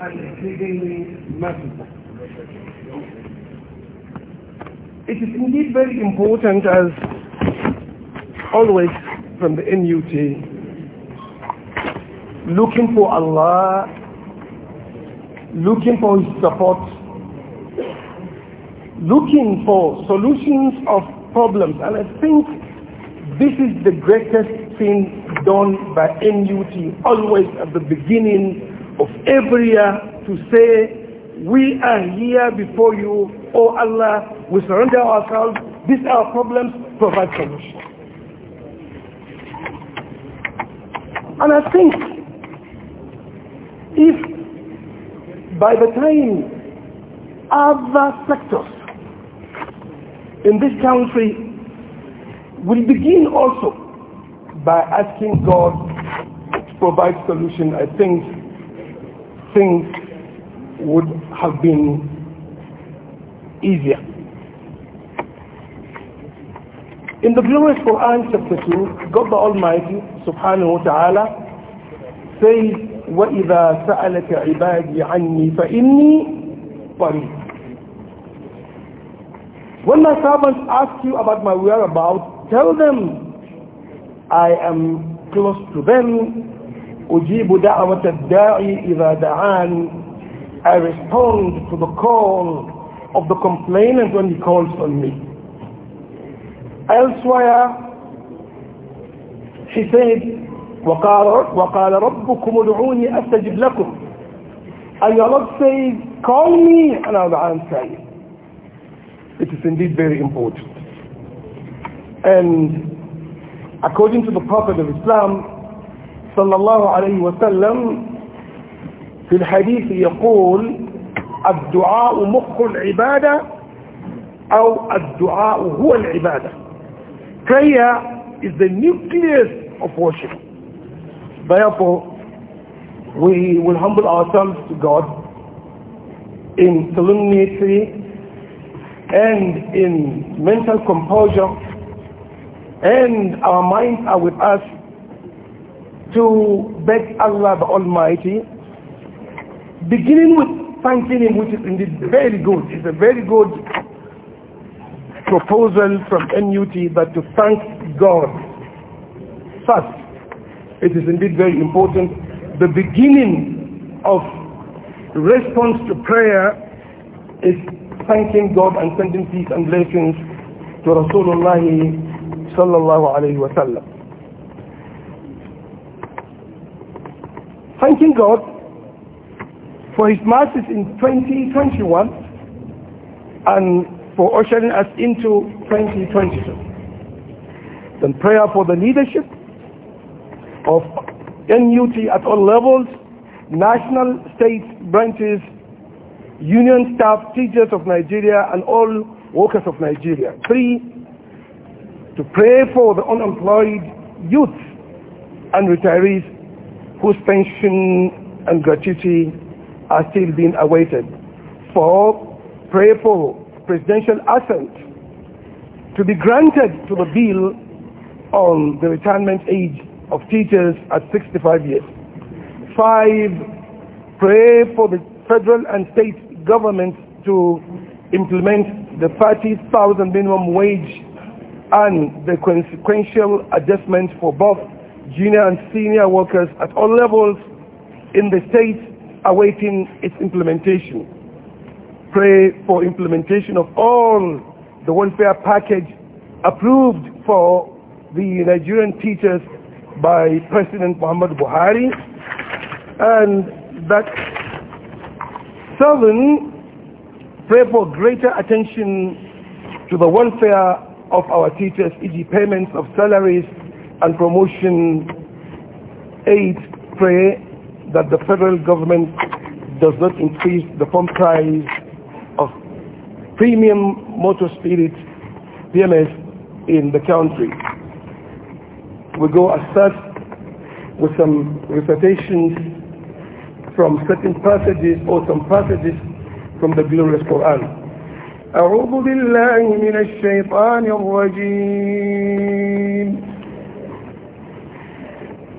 and massive. It is indeed very important as always from the NUT, looking for Allah, looking for His support, looking for solutions of problems. And I think this is the greatest thing done by NUT always at the beginning of every year to say, we are here before you, O Allah, we surrender ourselves, these are our problems, provide solution. And I think if by the time other sectors in this country will begin also by asking God to provide solution, I think things would have been easier. In the glorious Quran chapter 2, God the Almighty subhanahu wa ta'ala says, وَإِذَا سَأَلَكَ عِبَادِي عَنِّي فَإِنِّي قَرِيبٌ When my servants ask you about my whereabouts, tell them I am close to them أجيب دعوة الداعي إذا دعاني I respond to the call of the complainant when he calls on me. Elsewhere, he said, وقال, وقال ربكم ادعوني أستجب لكم. And your Lord says, call me and I will answer you. It is indeed very important. And according to the Prophet of Islam, صلى الله عليه وسلم في الحديث يقول الدعاء مخ العبادة أو الدعاء هو العبادة prayer is the nucleus of worship therefore we will humble ourselves to God in solemnity and in mental composure and our minds are with us to beg Allah the Almighty, beginning with thanking Him, which is indeed very good. It's a very good proposal from NUT that to thank God first. It is indeed very important. The beginning of response to prayer is thanking God and sending peace and blessings to Rasulullah sallallahu alayhi wa sallam. thanking God for his mercies in 2021 and for ushering us into 2022. Then prayer for the leadership of NUT at all levels, national, state, branches, union staff, teachers of Nigeria, and all workers of Nigeria. Three, to pray for the unemployed youth and retirees whose pension and gratuity are still being awaited. Four, pray for presidential assent to be granted to the bill on the retirement age of teachers at 65 years. Five, pray for the federal and state governments to implement the 30,000 minimum wage and the consequential adjustment for both junior and senior workers at all levels in the state awaiting its implementation. Pray for implementation of all the welfare package approved for the Nigerian teachers by President Muhammad Buhari and that seven pray for greater attention to the welfare of our teachers, e.g. payments of salaries and Promotion 8 pray that the federal government does not increase the pump price of premium motor spirit PMS in the country. We go as such with some recitations from certain passages or some passages from the glorious Quran. أعوذ بالله من الشيطان الرجيم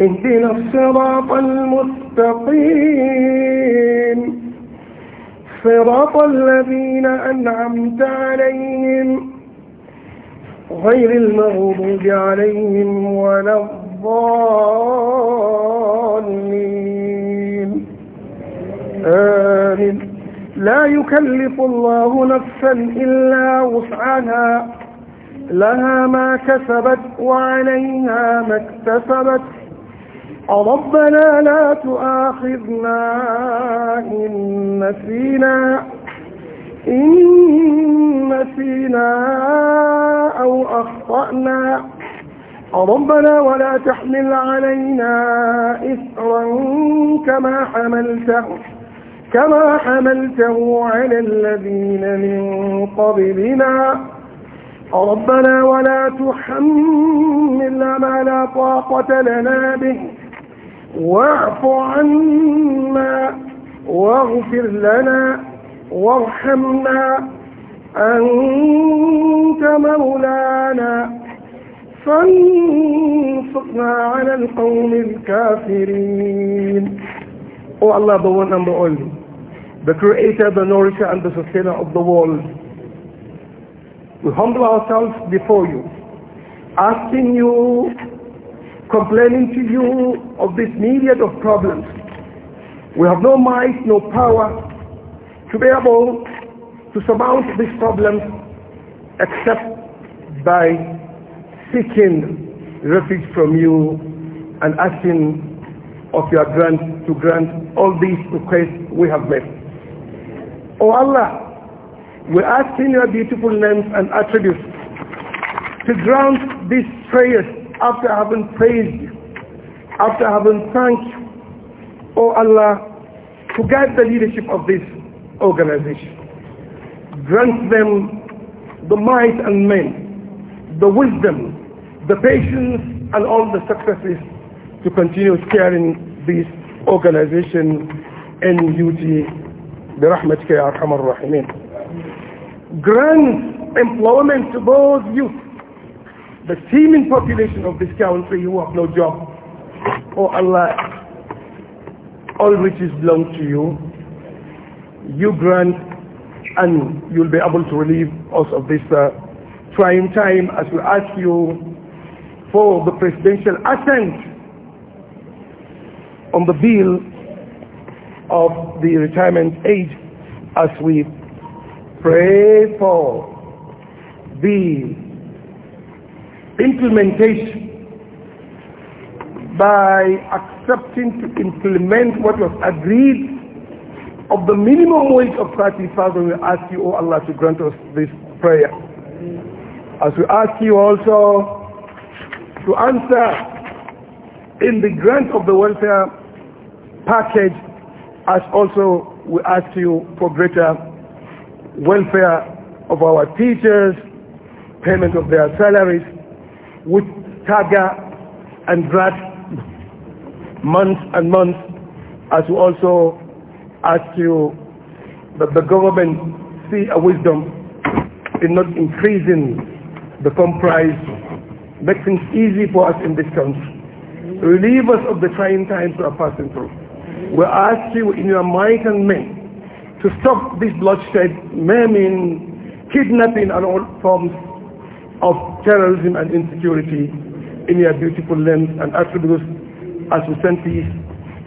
اهدنا الصراط المستقيم صراط الذين أنعمت عليهم غير المغضوب عليهم ولا الضالين آمين لا يكلف الله نفسا إلا وسعها لها ما كسبت وعليها ما اكتسبت ربنا لا تؤاخذنا إن نسينا إن نسينا أو أخطأنا ربنا ولا تحمل علينا إثرا كما حملته كما حملته على الذين من قبلنا ربنا ولا تحملنا ما لا طاقة لنا به واعف عنا واغفر لنا وارحمنا أنت مولانا فانصرنا على القوم الكافرين Oh Allah, the one and the only, the creator, the nourisher and the sustainer of the world. We humble ourselves before you, asking you complaining to you of this myriad of problems. We have no might, no power to be able to surmount these problems except by seeking refuge from you and asking of your grant to grant all these requests we have made. O oh Allah, we ask in your beautiful names and attributes to grant these prayers after having praised you, after having thanked you, O oh Allah, to guide the leadership of this organization. Grant them the might and men, the wisdom, the patience, and all the successes to continue steering this organization in duty. برحمتك يا Grant employment to those youth the teeming population of this country who have no job. Oh Allah, all riches belong to you. You grant and you'll be able to relieve us of this uh, trying time as we ask you for the presidential assent on the bill of the retirement age as we pray for the implementation by accepting to implement what was agreed of the minimum wage of 30,000 we ask you, O oh Allah, to grant us this prayer. As we ask you also to answer in the grant of the welfare package, as also we ask you for greater welfare of our teachers, payment of their salaries, with Kaga and drag months and months as we also ask you that the government see a wisdom in not increasing the pump price, make things easy for us in this country. Relieve us of the trying times we are passing through. We ask you in your might and may to stop this bloodshed, maiming, kidnapping and all forms of terrorism and insecurity in your beautiful limbs and attributes as we send peace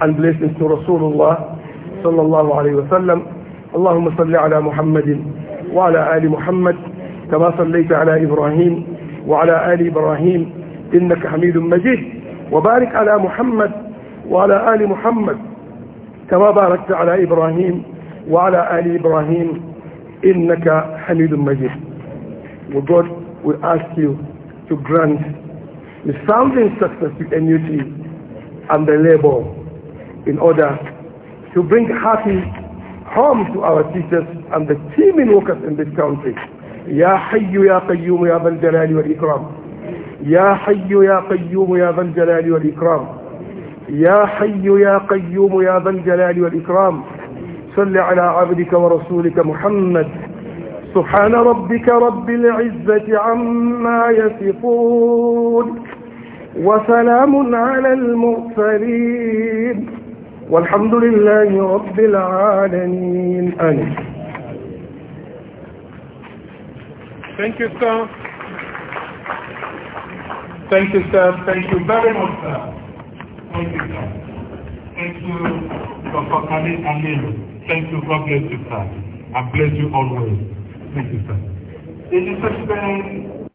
and blessings to Rasulullah صلى الله عليه وسلم اللهم صل على محمد وعلى آل محمد كما صليت على إبراهيم وعلى آل إبراهيم إنك حميد مجيد وبارك على محمد وعلى آل محمد كما باركت على إبراهيم وعلى آل إبراهيم إنك حميد مجيد وجود We ask you to grant the sounding success with annuity and the labor in order to bring happy home to our teachers and the teaming workers in this country. Ya حي يا قيوم Ikram. Ya Hayyu Ya Qayyum Ya يا قيوم يا Ikram. Ya Hayyu Ya Qayyum Ya قيوم يا ذا Ikram. Salli ala على wa rasulika Muhammad. سبحان ربك رب العزة عما يصفون وسلام على المرسلين والحمد لله رب العالمين آمين Thank you, sir. Thank you, sir. Thank you very much, sir. Thank you, sir. Thank you, for coming Amir. Thank you. God bless you, sir. I bless you always. Thank you, sir. Is you, such